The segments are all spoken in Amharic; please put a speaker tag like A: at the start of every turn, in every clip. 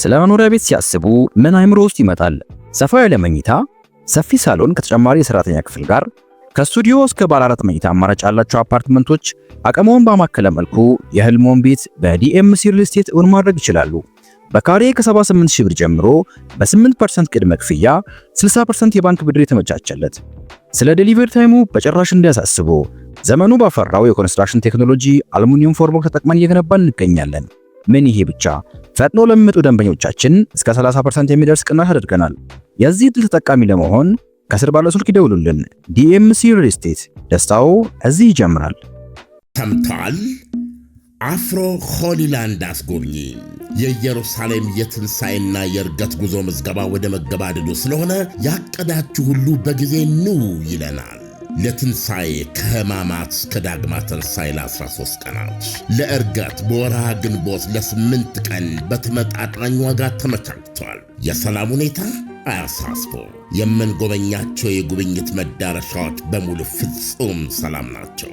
A: ስለ መኖሪያ ቤት ሲያስቡ ምን አይምሮ ውስጥ ይመጣል? ሰፋ ያለ መኝታ፣ ሰፊ ሳሎን ከተጨማሪ የሰራተኛ ክፍል ጋር ከስቱዲዮ እስከ ባለ አራት መኝታ አማራጭ ያላቸው አፓርትመንቶች አቅመውን ባማከለ መልኩ የህልሞን ቤት በዲኤምሲ ሪል ስቴት እውን ማድረግ ይችላሉ። በካሬ ከ78 ሺህ ብር ጀምሮ በ8% ቅድመ ክፍያ 60% የባንክ ብድር የተመቻቸለት። ስለ ዴሊቨሪ ታይሙ በጭራሽ እንዲያሳስቡ ዘመኑ ባፈራው የኮንስትራክሽን ቴክኖሎጂ አልሙኒየም ፎርሞክ ተጠቅመን እየገነባን እንገኛለን። ምን ይሄ ብቻ! ፈጥኖ ለሚመጡ ደንበኞቻችን እስከ 30% የሚደርስ ቅናሽ አድርገናል። የዚህ ድል ተጠቃሚ ለመሆን ከስር ባለው ስልክ ይደውሉልን። ዲኤምሲ ሪል ስቴት ደስታው እዚህ ይጀምራል።
B: ሰምተዋል? አፍሮ ሆሊላንድ አስጎብኚ የኢየሩሳሌም የትንሣኤና የእርገት ጉዞ ምዝገባ ወደ መገባደዱ ስለሆነ ያቀዳችሁ ሁሉ በጊዜ ኑ ይለናል። ለትንሣኤ ከህማማት እስከ ዳግማ ትንሣኤ ለ13 ቀናት ለእርገት በወርሃ ግንቦት ለስምንት ቀን በተመጣጣኝ ዋጋ ተመቻችተዋል። የሰላም ሁኔታ አያሳስቦ የምንጎበኛቸው የጉብኝት መዳረሻዎች በሙሉ ፍጹም ሰላም ናቸው።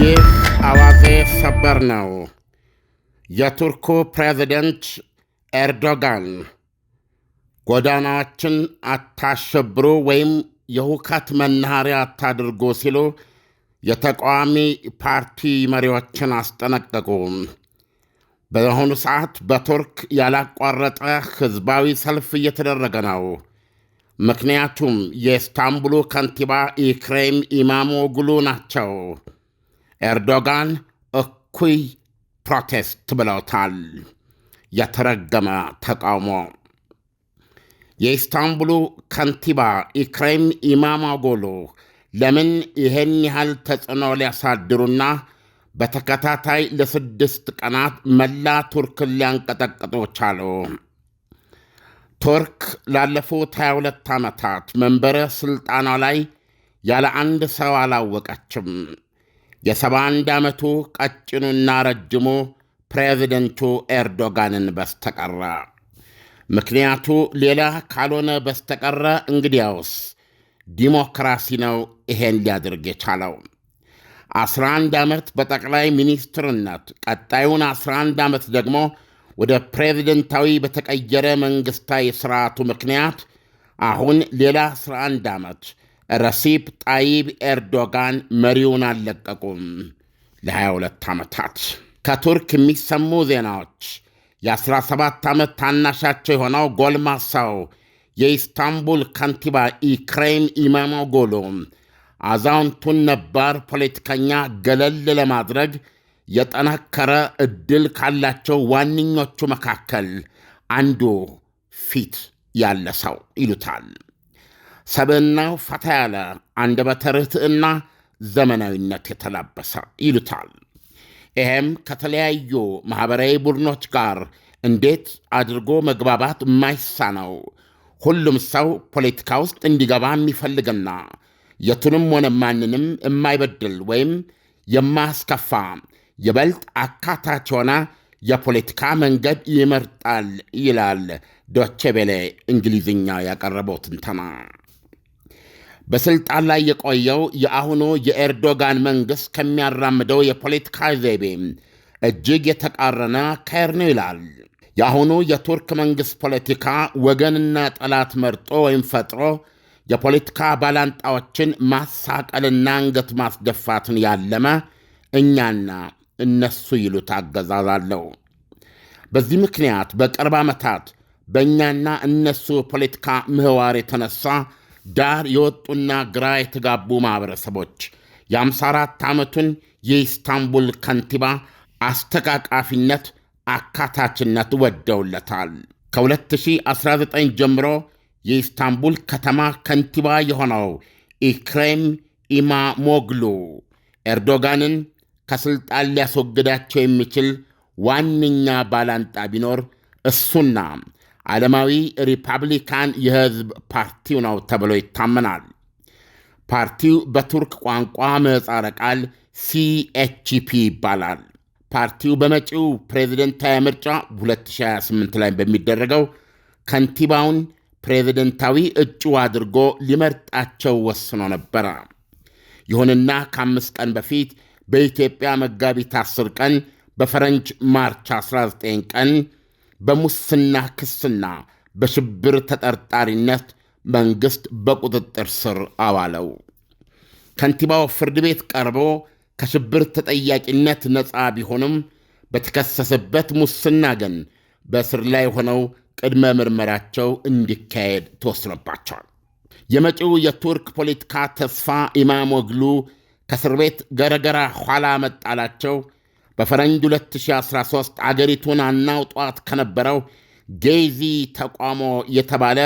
C: ይህ አዋዜ ሰበር ነው። የቱርኩ ፕሬዚደንት ኤርዶጋን ጎዳናዎችን አታሸብሩ ወይም የሁከት መናኸሪያ አታድርጉ ሲሉ የተቃዋሚ ፓርቲ መሪዎችን አስጠነቀቁ። በአሁኑ ሰዓት በቱርክ ያላቋረጠ ሕዝባዊ ሰልፍ እየተደረገ ነው። ምክንያቱም የኢስታንቡሉ ከንቲባ ኢክሬም ኢማሞግሉ ናቸው። ኤርዶጋን እኩይ ፕሮቴስት ብለውታል። የተረገመ ተቃውሞ። የኢስታንቡሉ ከንቲባ ኢክሬም ኢማማጎሎ ለምን ይህን ያህል ተጽዕኖ ሊያሳድሩና በተከታታይ ለስድስት ቀናት መላ ቱርክን ሊያንቀጠቅጡ ቻሉ? ቱርክ ላለፉት 22 ዓመታት መንበረ ሥልጣኗ ላይ ያለ አንድ ሰው አላወቀችም። የ71 ዓመቱ ቀጭኑና ረጅሙ ፕሬዚደንቱ ኤርዶጋንን በስተቀረ ምክንያቱ ሌላ ካልሆነ በስተቀረ እንግዲያውስ ዲሞክራሲ ነው ይሄን ሊያደርግ የቻለው። 11 ዓመት በጠቅላይ ሚኒስትርነት ቀጣዩን 11 ዓመት ደግሞ ወደ ፕሬዚደንታዊ በተቀየረ መንግሥታዊ ሥርዓቱ ምክንያት አሁን ሌላ 11 ዓመት ረሲፕ ጣይብ ኤርዶጋን መሪውን አልለቀቁም። ለ22 ዓመታት ከቱርክ የሚሰሙ ዜናዎች የ17 ዓመት ታናሻቸው የሆነው ጎልማሳው የኢስታንቡል ከንቲባ ኢክሬም ኢማሞጎሉ አዛውንቱን ነባር ፖለቲከኛ ገለል ለማድረግ የጠናከረ ዕድል ካላቸው ዋነኞቹ መካከል አንዱ ፊት ያለ ሰው ይሉታል። ሰብዕናው ፈታ ያለ አንደበተ ርትዕና ዘመናዊነት የተላበሰ ይሉታል። ይህም ከተለያዩ ማኅበራዊ ቡድኖች ጋር እንዴት አድርጎ መግባባት የማይሳነው ሁሉም ሰው ፖለቲካ ውስጥ እንዲገባ የሚፈልግና የቱንም ሆነ ማንንም የማይበድል ወይም የማያስከፋ ይበልጥ አካታች የሆነ የፖለቲካ መንገድ ይመርጣል ይላል ዶቼ እንግሊዝኛ ያቀረበው ትንተና። በስልጣን ላይ የቆየው የአሁኑ የኤርዶጋን መንግሥት ከሚያራምደው የፖለቲካ ዘይቤ እጅግ የተቃረነ ከር ነው ይላል። የአሁኑ የቱርክ መንግሥት ፖለቲካ ወገንና ጠላት መርጦ ወይም ፈጥሮ የፖለቲካ ባላንጣዎችን ማሳቀልና አንገት ማስደፋትን ያለመ እኛና እነሱ ይሉት አገዛዝ አለው። በዚህ ምክንያት በቅርብ ዓመታት በእኛና እነሱ ፖለቲካ ምህዋር የተነሳ ዳር የወጡና ግራ የተጋቡ ማኅበረሰቦች የ54 ዓመቱን የኢስታንቡል ከንቲባ አስተቃቃፊነት፣ አካታችነት ወደውለታል። ከ2019 ጀምሮ የኢስታንቡል ከተማ ከንቲባ የሆነው ኢክሬም ኢማሞግሉ ኤርዶጋንን ከሥልጣን ሊያስወግዳቸው የሚችል ዋነኛ ባላንጣ ቢኖር እሱና ዓለማዊ ሪፐብሊካን የህዝብ ፓርቲው ነው ተብሎ ይታመናል። ፓርቲው በቱርክ ቋንቋ ምህጻረ ቃል ሲኤችፒ ይባላል። ፓርቲው በመጪው ፕሬዝደንታዊ ምርጫ 2028 ላይ በሚደረገው ከንቲባውን ፕሬዝደንታዊ እጩ አድርጎ ሊመርጣቸው ወስኖ ነበረ። ይሁንና ከአምስት ቀን በፊት በኢትዮጵያ መጋቢት 10 ቀን በፈረንጅ ማርች 19 ቀን በሙስና ክስና በሽብር ተጠርጣሪነት መንግሥት በቁጥጥር ስር አዋለው። ከንቲባው ፍርድ ቤት ቀርቦ ከሽብር ተጠያቂነት ነፃ ቢሆንም በተከሰሰበት ሙስና ግን በእስር ላይ ሆነው ቅድመ ምርመራቸው እንዲካሄድ ተወስኖባቸዋል። የመጪው የቱርክ ፖለቲካ ተስፋ ኢማሞግሉ ከእስር ቤት ገረገራ ኋላ መጣላቸው በፈረንጅ 2013 አገሪቱን አናውጧት ከነበረው ጌዚ ተቋሞ የተባለ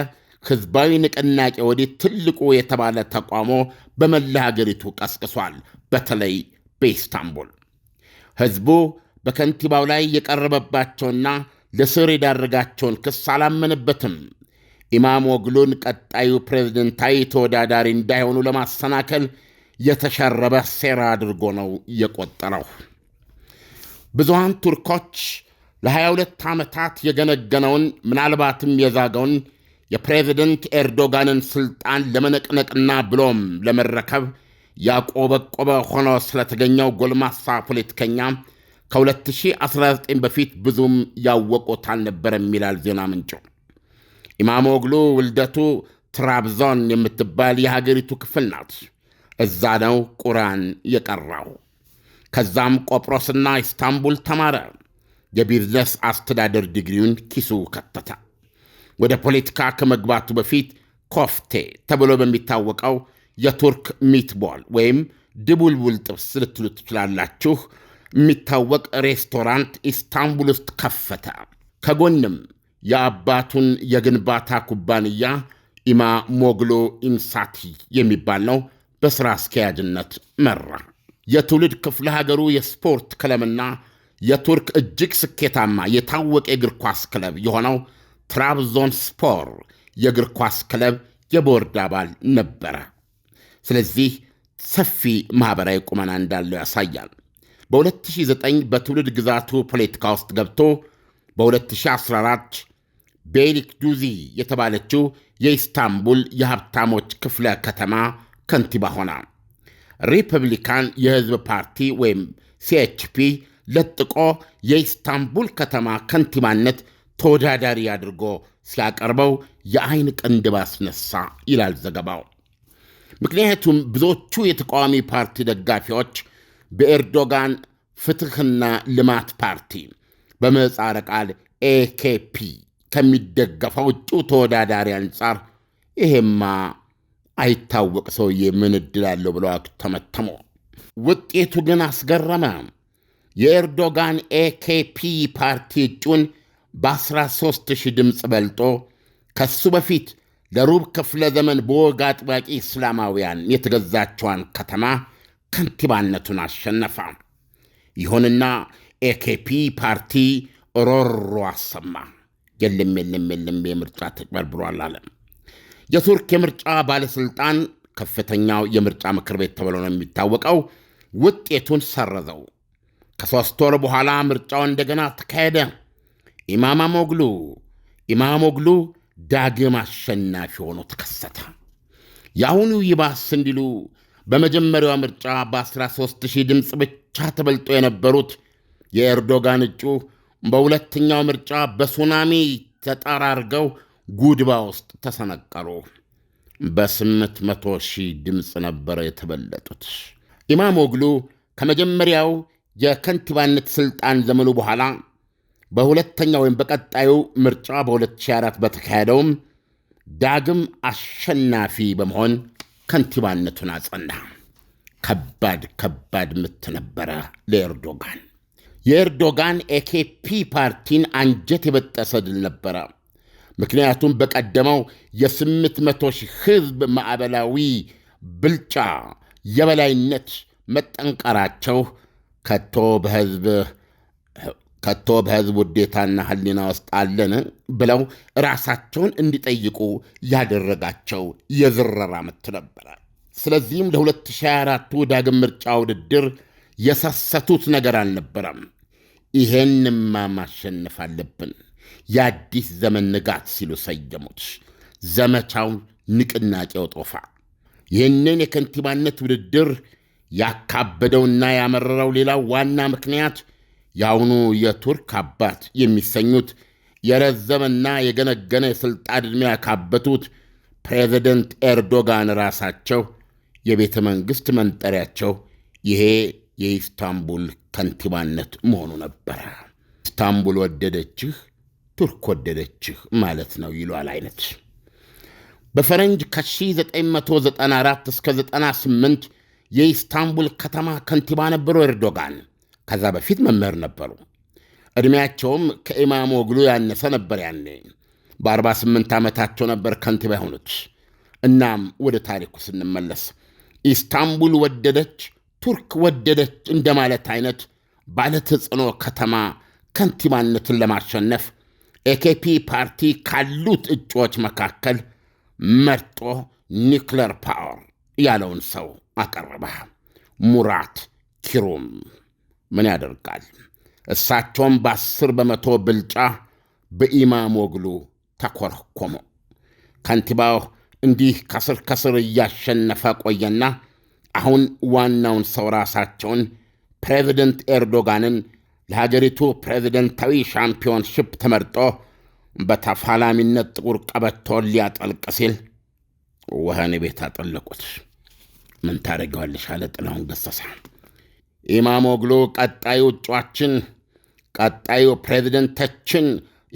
C: ሕዝባዊ ንቅናቄ ወዲህ ትልቁ የተባለ ተቋሞ በመላ አገሪቱ ቀስቅሷል። በተለይ በኢስታንቡል ሕዝቡ በከንቲባው ላይ የቀረበባቸውና ለስር የዳረጋቸውን ክስ አላመንበትም። ኢማም ወግሉን ቀጣዩ ፕሬዝደንታዊ ተወዳዳሪ እንዳይሆኑ ለማሰናከል የተሸረበ ሴራ አድርጎ ነው የቆጠረው። ብዙሃን ቱርኮች ለ22 ዓመታት የገነገነውን ምናልባትም የዛገውን የፕሬዚደንት ኤርዶጋንን ሥልጣን ለመነቅነቅና ብሎም ለመረከብ ያቆበቆበ ሆኖ ስለተገኘው ጎልማሳ ፖለቲከኛ ከ2019 በፊት ብዙም ያወቁት አልነበረም ይላል ዜና ምንጩ። ኢማሞግሉ ውልደቱ ትራብዞን የምትባል የሀገሪቱ ክፍል ናት። እዛ ነው ቁራን የቀራው። ከዛም ቆጵሮስና ኢስታንቡል ተማረ። የቢዝነስ አስተዳደር ዲግሪውን ኪሱ ከተተ። ወደ ፖለቲካ ከመግባቱ በፊት ኮፍቴ ተብሎ በሚታወቀው የቱርክ ሚትቦል ወይም ድቡልቡል ጥብስ ልትሉ ትችላላችሁ የሚታወቅ ሬስቶራንት ኢስታንቡል ውስጥ ከፈተ። ከጎንም የአባቱን የግንባታ ኩባንያ ኢማ ሞግሎ ኢንሳቲ የሚባል ነው በሥራ አስኪያጅነት መራ። የትውልድ ክፍለ ሀገሩ የስፖርት ክለብና የቱርክ እጅግ ስኬታማ የታወቀ የእግር ኳስ ክለብ የሆነው ትራብዞን ስፖር የእግር ኳስ ክለብ የቦርድ አባል ነበረ። ስለዚህ ሰፊ ማኅበራዊ ቁመና እንዳለው ያሳያል። በ2009 በትውልድ ግዛቱ ፖለቲካ ውስጥ ገብቶ በ2014 ዱዚ የተባለችው የኢስታንቡል የሀብታሞች ክፍለ ከተማ ከንቲባ ሆና ሪፐብሊካን የህዝብ ፓርቲ ወይም ሲኤችፒ ለጥቆ የኢስታንቡል ከተማ ከንቲባነት ተወዳዳሪ አድርጎ ሲያቀርበው የአይን ቅንድብ አስነሳ ይላል ዘገባው። ምክንያቱም ብዙዎቹ የተቃዋሚ ፓርቲ ደጋፊዎች በኤርዶጋን ፍትሕና ልማት ፓርቲ በምህጻረ ቃል ኤኬፒ ከሚደገፈው እጩ ተወዳዳሪ አንጻር ይሄማ አይታወቅ ሰውዬ ምን እድል አለው ብለው ተመተሙ። ውጤቱ ግን አስገረመ። የኤርዶጋን ኤኬፒ ፓርቲ እጩን በ13 ሺህ ድምፅ በልጦ ከሱ በፊት ለሩብ ክፍለ ዘመን በወግ አጥባቂ እስላማውያን የተገዛቸዋን ከተማ ከንቲባነቱን አሸነፈ። ይሁንና ኤኬፒ ፓርቲ ሮሮ አሰማ። የለም የለም የለም፣ የምርጫ ተጭበርብሯል አለም። የቱርክ የምርጫ ባለሥልጣን ከፍተኛው የምርጫ ምክር ቤት ተብሎ ነው የሚታወቀው፣ ውጤቱን ሰረዘው። ከሦስት ወር በኋላ ምርጫው እንደገና ተካሄደ። ኢማማሞግሉ ኢማሞግሉ ዳግም አሸናፊ ሆኖ ተከሰተ። የአሁኑ ይባስ እንዲሉ በመጀመሪያው ምርጫ በ 13000 ድምፅ ብቻ ተበልጦ የነበሩት የኤርዶጋን እጩ በሁለተኛው ምርጫ በሱናሚ ተጠራርገው ጉድባ ውስጥ ተሰነቀሩ። በስምንት መቶ ሺህ ድምፅ ነበረ የተበለጡት። ኢማም ወግሉ ከመጀመሪያው የከንቲባነት ሥልጣን ዘመኑ በኋላ በሁለተኛ ወይም በቀጣዩ ምርጫ በ2004 በተካሄደውም ዳግም አሸናፊ በመሆን ከንቲባነቱን አጸና። ከባድ ከባድ ምት ነበረ ለኤርዶጋን። የኤርዶጋን ኤኬፒ ፓርቲን አንጀት የበጠሰ ድል ነበረ። ምክንያቱም በቀደመው የ800 ሺህ ሕዝብ ማዕበላዊ ብልጫ የበላይነት መጠንቀራቸው ከቶ በህዝብ ውዴታና ህሊና ውስጥ አለን ብለው ራሳቸውን እንዲጠይቁ ያደረጋቸው የዝረራ ምት ነበረ። ስለዚህም ለ2024ቱ ዳግም ምርጫ ውድድር የሰሰቱት ነገር አልነበረም። ይሄንማ ማሸነፍ አለብን የአዲስ ዘመን ንጋት ሲሉ ሰየሙት። ዘመቻውን ንቅናቄው ጦፋ። ይህንን የከንቲባነት ውድድር ያካበደውና ያመረረው ሌላው ዋና ምክንያት የአሁኑ የቱርክ አባት የሚሰኙት የረዘመና የገነገነ የሥልጣን ዕድሜ ያካበቱት ፕሬዚደንት ኤርዶጋን ራሳቸው የቤተ መንግሥት መንጠሪያቸው ይሄ የኢስታንቡል ከንቲባነት መሆኑ ነበረ። ኢስታንቡል ወደደችህ ቱርክ ወደደችህ ማለት ነው ይሏል አይነት በፈረንጅ ከ1994 እስከ 98 የኢስታንቡል ከተማ ከንቲባ ነበሩ ኤርዶጋን። ከዛ በፊት መምህር ነበሩ። ዕድሜያቸውም ከኢማሞግሉ ያነሰ ነበር። ያኔ በ48 ዓመታቸው ነበር ከንቲባ የሆኑት። እናም ወደ ታሪኩ ስንመለስ ኢስታንቡል ወደደች፣ ቱርክ ወደደች እንደማለት አይነት ባለተጽዕኖ ከተማ ከንቲባነትን ለማሸነፍ ኤኬፒ ፓርቲ ካሉት እጩዎች መካከል መርጦ ኒክለር ፓወር ያለውን ሰው አቀረበ። ሙራት ኪሩም ምን ያደርጋል፣ እሳቸውም በአስር በመቶ ብልጫ ወግሉ ተኮረኮሙ። ከንቲባው እንዲህ ከስር ከስር እያሸነፈ ቆየና አሁን ዋናውን ሰው ራሳቸውን ፕሬዚደንት ኤርዶጋንን ለሀገሪቱ ፕሬዚደንታዊ ሻምፒዮንሽፕ ተመርጦ በተፋላሚነት ጥቁር ቀበቶን ሊያጠልቅ ሲል ወህኒ ቤት አጠለቁት። ምን ታደርገዋለሽ? አለ ጥላሁን ገሰሰ። ኢማሞግሉ ቀጣዩ እጩዋችን፣ ቀጣዩ ፕሬዝደንታችን፣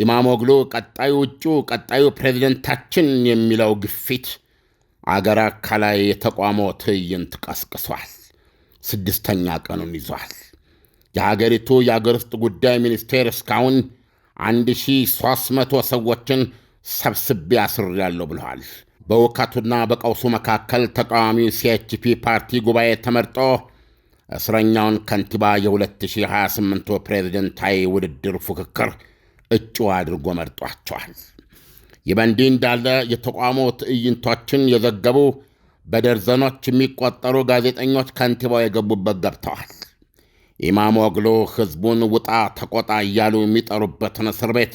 C: ኢማሞግሉ ቀጣዩ እጩ፣ ቀጣዩ ፕሬዚደንታችን የሚለው ግፊት አገር ከላይ የተቋሞ ትዕይንት ቀስቅሷል። ስድስተኛ ቀኑን ይዟል። የሀገሪቱ የአገር ውስጥ ጉዳይ ሚኒስቴር እስካሁን 1300 ሰዎችን ሰብስቤ አስሬያለሁ ብለዋል። በውከቱና በቀውሱ መካከል ተቃዋሚው ሲኤችፒ ፓርቲ ጉባኤ ተመርጦ እስረኛውን ከንቲባ የ2028 ፕሬዝደንታዊ ውድድር ፉክክር እጩ አድርጎ መርጧቸዋል። ይህ በእንዲህ እንዳለ የተቃውሞ ትዕይንቶችን የዘገቡ በደርዘኖች የሚቆጠሩ ጋዜጠኞች ከንቲባው የገቡበት ገብተዋል። ኢማሞግሎ ሕዝቡን ውጣ ተቆጣ እያሉ የሚጠሩበትን እስር ቤት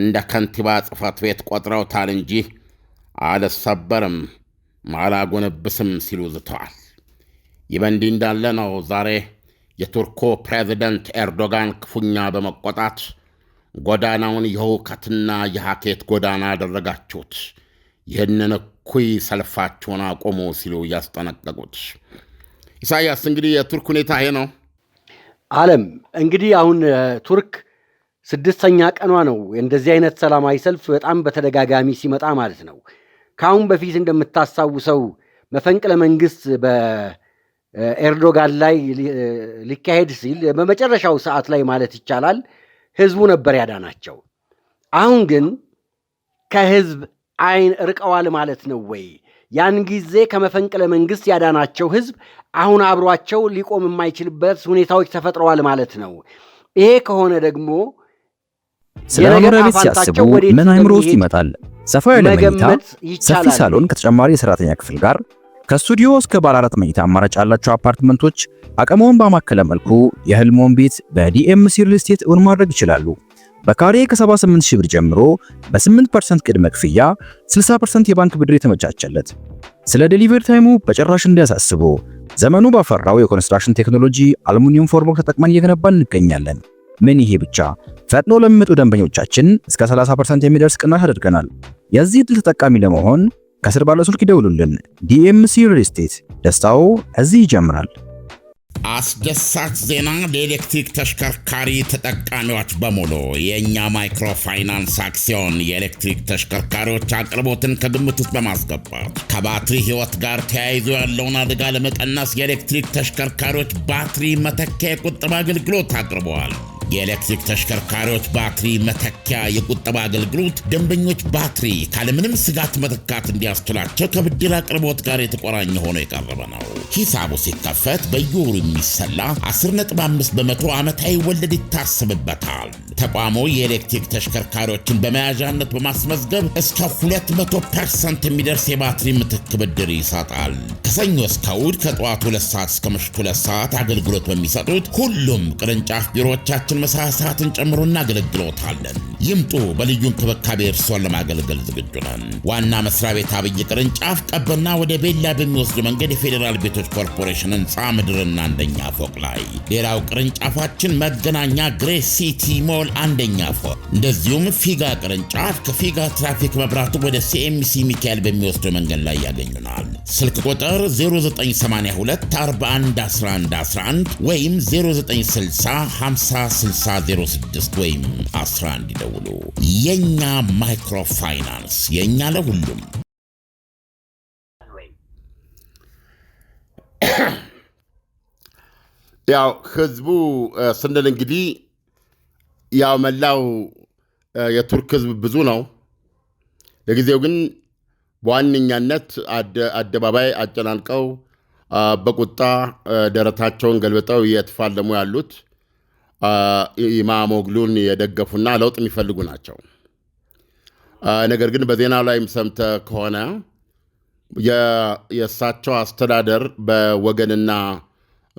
C: እንደ ከንቲባ ጽሕፈት ቤት ቆጥረውታል እንጂ አልሰበርም፣ አላጎነብስም ሲሉ ዝተዋል። ይህ በእንዲህ እንዳለ ነው ዛሬ የቱርኩ ፕሬዚደንት ኤርዶጋን ክፉኛ በመቆጣት ጎዳናውን የሁከትና የሐኬት ጎዳና አደረጋችሁት፣ ይህንን እኩይ ሰልፋችሁን አቁሙ ሲሉ ያስጠነቀቁት። ኢሳይያስ እንግዲህ የቱርክ ሁኔታ ይሄ ነው።
D: አለም እንግዲህ አሁን ቱርክ ስድስተኛ ቀኗ ነው። እንደዚህ አይነት ሰላማዊ ሰልፍ በጣም በተደጋጋሚ ሲመጣ ማለት ነው። ከአሁን በፊት እንደምታስታውሰው መፈንቅለ መንግስት በኤርዶጋን ላይ ሊካሄድ ሲል በመጨረሻው ሰዓት ላይ ማለት ይቻላል ህዝቡ ነበር ያዳናቸው። አሁን ግን ከህዝብ አይን ርቀዋል ማለት ነው ወይ? ያን ጊዜ ከመፈንቅለ መንግስት ያዳናቸው ህዝብ አሁን አብሯቸው ሊቆም የማይችልበት ሁኔታዎች ተፈጥረዋል ማለት ነው። ይሄ ከሆነ ደግሞ
A: ስለ መኖሪያ ቤት ሲያስቡ ምን አይምሮ ውስጥ ይመጣል? ሰፋ ያለ መኝታ፣ ሰፊ ሳሎን ከተጨማሪ የሰራተኛ ክፍል ጋር ከስቱዲዮ እስከ ባለ አራት መኝታ አማራጭ ያላቸው አፓርትመንቶች አቅመውን ባማከለ መልኩ የህልሞን ቤት በዲኤምሲ ሪል ስቴት እውን ማድረግ ይችላሉ። በካሬ ከ78 ሺህ ብር ጀምሮ በ8% ቅድመ ክፍያ 60% የባንክ ብድር የተመቻቸለት። ስለ ዴሊቨሪ ታይሙ በጭራሽ እንዲያሳስቡ ዘመኑ ባፈራው የኮንስትራክሽን ቴክኖሎጂ አሉሚኒየም ፎርሞክ ተጠቅመን እየገነባን እንገኛለን። ምን ይሄ ብቻ! ፈጥኖ ለሚመጡ ደንበኞቻችን እስከ 30% የሚደርስ ቅናሽ አድርገናል። የዚህ ዕድል ተጠቃሚ ለመሆን ከስር ባለ ስልክ ይደውሉልን። ዲኤምሲ ሪል ስቴት ደስታው እዚህ ይጀምራል።
E: አስደሳች ዜና ለኤሌክትሪክ ተሽከርካሪ ተጠቃሚዎች በሙሉ የእኛ ማይክሮፋይናንስ አክሲዮን የኤሌክትሪክ ተሽከርካሪዎች አቅርቦትን ከግምት ውስጥ በማስገባት ከባትሪ ሕይወት ጋር ተያይዞ ያለውን አደጋ ለመቀነስ የኤሌክትሪክ ተሽከርካሪዎች ባትሪ መተኪያ የቁጥብ አገልግሎት አቅርበዋል። የኤሌክትሪክ ተሽከርካሪዎች ባትሪ መተኪያ የቁጠባ አገልግሎት ደንበኞች ባትሪ ካለምንም ስጋት መተካት እንዲያስችላቸው ከብድር አቅርቦት ጋር የተቆራኘ ሆኖ የቀረበ ነው። ሂሳቡ ሲከፈት በየወሩ የሚሰላ 10.5 በመቶ ዓመታዊ ወለድ ይታሰብበታል። ተቋሙ የኤሌክትሪክ ተሽከርካሪዎችን በመያዣነት በማስመዝገብ እስከ 200 ፐርሰንት የሚደርስ የባትሪ ምትክ ብድር ይሰጣል። ከሰኞ እስከ እሑድ ከጠዋቱ 2 ሰዓት እስከ ምሽቱ 2 ሰዓት አገልግሎት በሚሰጡት ሁሉም ቅርንጫፍ ቢሮዎቻችን መሳ ሰዓትን ጨምሮ እናገለግሎታለን። ይምጡ። በልዩ እንክብካቤ እርስዎን ለማገልገል ዝግጁ ነን። ዋና መስሪያ ቤት አብይ ቅርንጫፍ ቀበና ወደ ቤላ በሚወስዱ መንገድ የፌዴራል ቤቶች ኮርፖሬሽን ህንፃ ምድርና አንደኛ ፎቅ ላይ፣ ሌላው ቅርንጫፋችን መገናኛ ግሬ ሲቲ ሞል አንደኛ ፎቅ፣ እንደዚሁም ፊጋ ቅርንጫፍ ከፊጋ ትራፊክ መብራቱ ወደ ሲኤምሲ ሚካኤል በሚወስደው መንገድ ላይ ያገኙናል። ስልክ ቁጥር 0982411111 ወይም 0960506006 ወይም 11 ይደውሉ። የእኛ ማይክሮፋይናንስ የእኛ ለሁሉም
F: ያው ህዝቡ ስንል እንግዲህ ያው መላው የቱርክ ህዝብ ብዙ ነው። ለጊዜው ግን በዋነኛነት አደባባይ አጨናንቀው በቁጣ ደረታቸውን ገልብጠው እየተፋለሙ ያሉት ኢማሞግሉን የደገፉና ለውጥ የሚፈልጉ ናቸው። ነገር ግን በዜናው ላይም ሰምተ ከሆነ የእሳቸው አስተዳደር በወገንና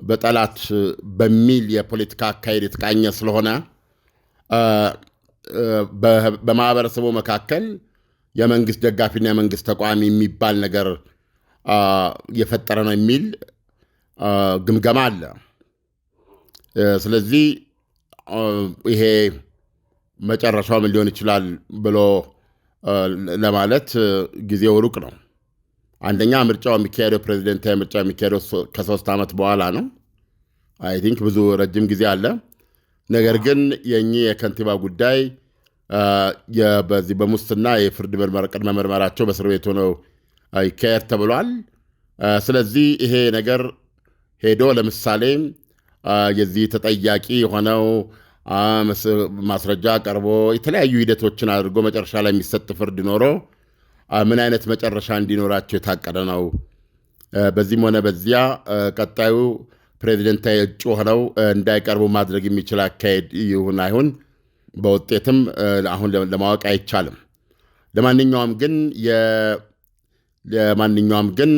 F: በጠላት በሚል የፖለቲካ አካሄድ የተቃኘ ስለሆነ በማህበረሰቡ መካከል የመንግስት ደጋፊና የመንግስት ተቋሚ የሚባል ነገር የፈጠረ ነው የሚል ግምገማ አለ። ስለዚህ ይሄ መጨረሻው ምን ሊሆን ይችላል ብሎ ለማለት ጊዜው ሩቅ ነው። አንደኛ ምርጫው የሚካሄደው ፕሬዚደንታዊ ምርጫ የሚካሄደው ከሶስት ዓመት በኋላ ነው። አይ ቲንክ ብዙ ረጅም ጊዜ አለ። ነገር ግን የእኚህ የከንቲባ ጉዳይ በዚህ በሙስና የፍርድ ቅድመ ምርመራቸው በእስር ቤት ሆነው ይካሄድ ተብሏል። ስለዚህ ይሄ ነገር ሄዶ ለምሳሌ የዚህ ተጠያቂ የሆነው ማስረጃ ቀርቦ የተለያዩ ሂደቶችን አድርጎ መጨረሻ ላይ የሚሰጥ ፍርድ ኖሮ ምን አይነት መጨረሻ እንዲኖራቸው የታቀደ ነው። በዚህም ሆነ በዚያ ቀጣዩ ፕሬዚደንታዊ እጩ ሆነው እንዳይቀርቡ ማድረግ የሚችል አካሄድ ይሁን አይሁን በውጤትም አሁን ለማወቅ አይቻልም። ለማንኛውም ግን ለማንኛውም ግን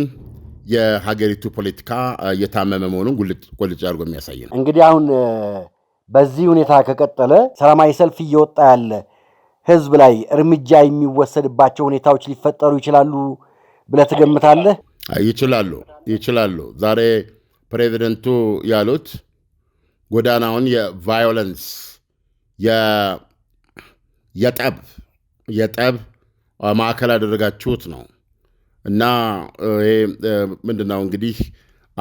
F: የሀገሪቱ ፖለቲካ እየታመመ መሆኑን ጎልጭ አድርጎ የሚያሳይ ነው።
D: እንግዲህ አሁን በዚህ ሁኔታ ከቀጠለ ሰላማዊ ሰልፍ እየወጣ ያለ ህዝብ ላይ እርምጃ የሚወሰድባቸው ሁኔታዎች ሊፈጠሩ ይችላሉ ብለህ ትገምታለህ?
F: ይችላሉ ይችላሉ። ዛሬ ፕሬዚደንቱ ያሉት ጎዳናውን የቫዮለንስ የጠብ የጠብ ማዕከል ያደረጋችሁት ነው እና ይሄ ምንድን ነው እንግዲህ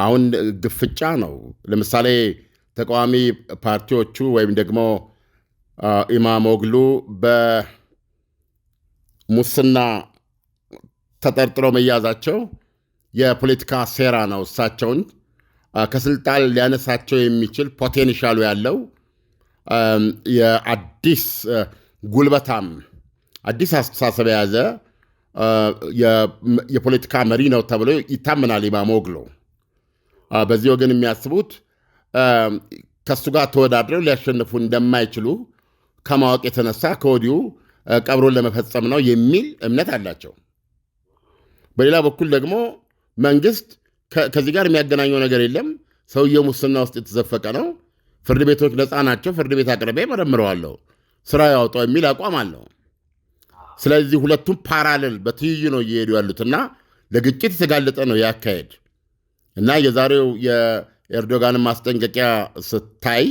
F: አሁን ግፍጫ ነው። ለምሳሌ ተቃዋሚ ፓርቲዎቹ ወይም ደግሞ ኢማሞግሉ በሙስና ተጠርጥሮ መያዛቸው የፖለቲካ ሴራ ነው። እሳቸውን ከስልጣን ሊያነሳቸው የሚችል ፖቴንሻሉ ያለው የአዲስ ጉልበታም አዲስ አስተሳሰብ የያዘ የፖለቲካ መሪ ነው ተብሎ ይታመናል ኢማሞግሉ። በዚህ ወገን የሚያስቡት ከእሱ ጋር ተወዳድረው ሊያሸንፉ እንደማይችሉ ከማወቅ የተነሳ ከወዲሁ ቀብሮን ለመፈጸም ነው የሚል እምነት አላቸው። በሌላ በኩል ደግሞ መንግስት ከዚህ ጋር የሚያገናኘው ነገር የለም፣ ሰውየው ሙስና ውስጥ የተዘፈቀ ነው፣ ፍርድ ቤቶች ነፃ ናቸው፣ ፍርድ ቤት አቅርቤ መረምረዋለሁ፣ ስራ ያወጣው የሚል አቋም አለው። ስለዚህ ሁለቱም ፓራሌል በትይዩ ነው እየሄዱ ያሉትና ለግጭት የተጋለጠ ነው ያካሄድ እና የዛሬው የኤርዶጋንን ማስጠንቀቂያ ስታይ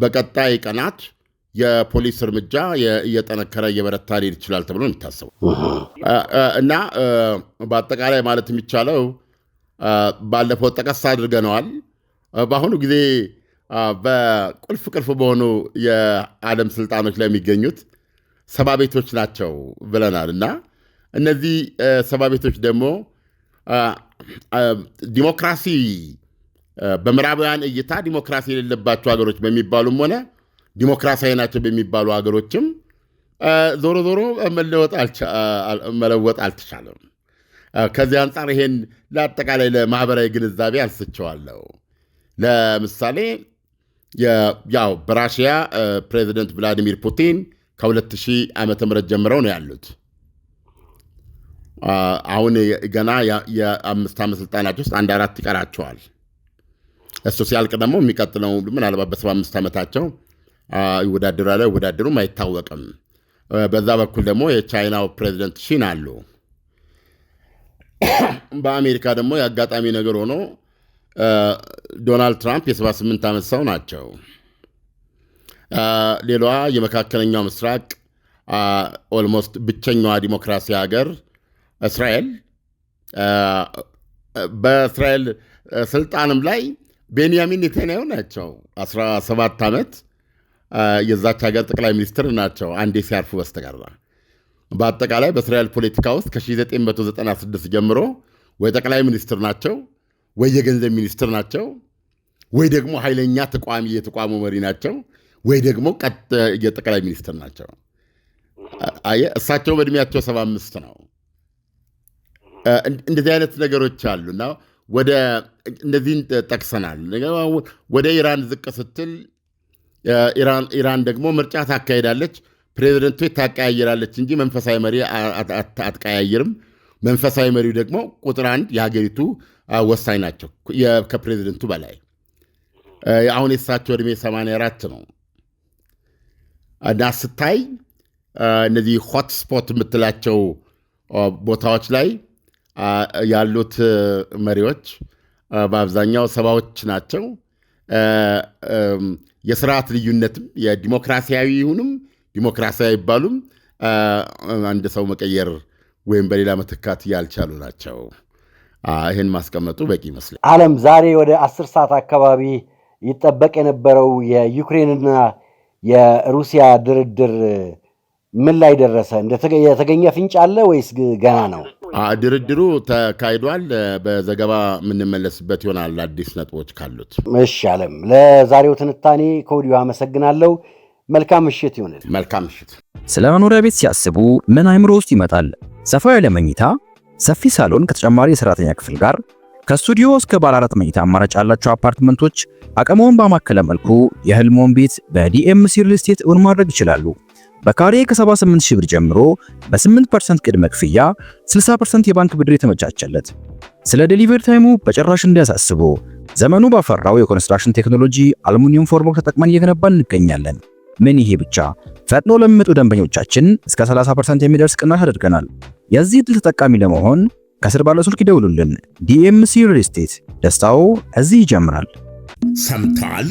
F: በቀጣይ ቀናት የፖሊስ እርምጃ እየጠነከረ እየበረታ ሊሄድ ይችላል ተብሎ የሚታሰቡ እና በአጠቃላይ ማለት የሚቻለው ባለፈው ጠቀስ አድርገነዋል። በአሁኑ ጊዜ በቁልፍ ቁልፍ በሆኑ የዓለም ስልጣኖች ላይ የሚገኙት ሰባ ቤቶች ናቸው ብለናል እና እነዚህ ሰባ ቤቶች ደግሞ ዲሞክራሲ በምዕራባውያን እይታ ዲሞክራሲ የሌለባቸው ሀገሮች በሚባሉም ሆነ ዲሞክራሲያዊ ናቸው በሚባሉ ሀገሮችም ዞሮ ዞሮ መለወጥ አልተቻለም። ከዚህ አንጻር ይሄን ለአጠቃላይ ለማህበራዊ ግንዛቤ አንስቸዋለሁ። ለምሳሌ ያው በራሽያ ፕሬዚደንት ቭላዲሚር ፑቲን ከ2000 ዓመተ ምህረት ጀምረው ነው ያሉት። አሁን ገና የአምስት ዓመት ስልጣናቸው ውስጥ አንድ አራት ይቀራቸዋል። እሱ ሲያልቅ ደግሞ የሚቀጥለው ምናልባት በሰባ አምስት ዓመታቸው ይወዳደራሉ አይወዳደሩም አይታወቅም። በዛ በኩል ደግሞ የቻይናው ፕሬዚደንት ሺን አሉ። በአሜሪካ ደግሞ የአጋጣሚ ነገር ሆኖ ዶናልድ ትራምፕ የ78 ዓመት ሰው ናቸው። ሌላዋ የመካከለኛው ምስራቅ ኦልሞስት ብቸኛዋ ዲሞክራሲ ሀገር እስራኤል በእስራኤል ስልጣንም ላይ ቤንያሚን ኔታንያሁ ናቸው 17 ዓመት የዛች ሀገር ጠቅላይ ሚኒስትር ናቸው አንዴ ሲያርፉ በስተቀራ። በአጠቃላይ በእስራኤል ፖለቲካ ውስጥ ከ1996 ጀምሮ ወይ ጠቅላይ ሚኒስትር ናቸው ወይ የገንዘብ ሚኒስትር ናቸው ወይ ደግሞ ኃይለኛ ተቋሚ የተቋሙ መሪ ናቸው ወይ ደግሞ የጠቅላይ ሚኒስትር ናቸው። አየህ እሳቸው በእድሜያቸው 75 ነው። እንደዚህ አይነት ነገሮች አሉ እና ወደ እነዚህን ጠቅሰናል። ወደ ኢራን ዝቅ ስትል ኢራን ደግሞ ምርጫ ታካሄዳለች፣ ፕሬዚደንቱ ታቀያይራለች እንጂ መንፈሳዊ መሪ አትቀያይርም። መንፈሳዊ መሪው ደግሞ ቁጥር አንድ የሀገሪቱ ወሳኝ ናቸው ከፕሬዚደንቱ በላይ። አሁን የሳቸው እድሜ 84 ነው እና ስታይ እነዚህ ሆትስፖት የምትላቸው ቦታዎች ላይ ያሉት መሪዎች በአብዛኛው ሰባዎች ናቸው። የስርዓት ልዩነትም የዲሞክራሲያዊ ይሁንም ዲሞክራሲያዊ አይባሉም አንድ ሰው መቀየር ወይም በሌላ መተካት ያልቻሉ ናቸው። ይህን ማስቀመጡ በቂ ይመስላል።
D: አለም ዛሬ ወደ አስር ሰዓት አካባቢ ይጠበቅ የነበረው የዩክሬንና የሩሲያ ድርድር ምን ላይ ደረሰ? የተገኘ ፍንጭ አለ ወይስ ገና ነው?
F: ድርድሩ ተካሂዷል። በዘገባ የምንመለስበት ይሆናል አዲስ ነጥቦች ካሉት።
D: እሺ አለም፣ ለዛሬው ትንታኔ ከወዲሁ አመሰግናለሁ። መልካም ምሽት ይሆንል።
F: መልካም ምሽት።
A: ስለ መኖሪያ ቤት ሲያስቡ ምን አይምሮ ውስጥ ይመጣል? ሰፋ ያለ መኝታ፣ ሰፊ ሳሎን ከተጨማሪ የሰራተኛ ክፍል ጋር ከስቱዲዮ እስከ ባለ አራት መኝታ አማራጭ ያላቸው አፓርትመንቶች አቅመውን ባማከለ መልኩ የህልሞን ቤት በዲኤምሲ ሪል ስቴት እውን ማድረግ ይችላሉ። በካሬ ከ78 ሺህ ብር ጀምሮ በ8% ቅድመ ክፍያ 60% የባንክ ብድር የተመቻቸለት። ስለ ዴሊቨሪ ታይሙ በጭራሽ እንዲያሳስቡ ዘመኑ ባፈራው የኮንስትራክሽን ቴክኖሎጂ አልሙኒየም ፎርሞክ ተጠቅመን እየገነባ እንገኛለን። ምን ይሄ ብቻ! ፈጥኖ ለሚመጡ ደንበኞቻችን እስከ 30% የሚደርስ ቅናሽ አድርገናል። የዚህ ድል ተጠቃሚ ለመሆን ከስር ባለው ስልክ ይደውሉልን። ዲኤምሲ ሪል ስቴት ደስታው እዚህ ይጀምራል።
B: ሰምተዋል።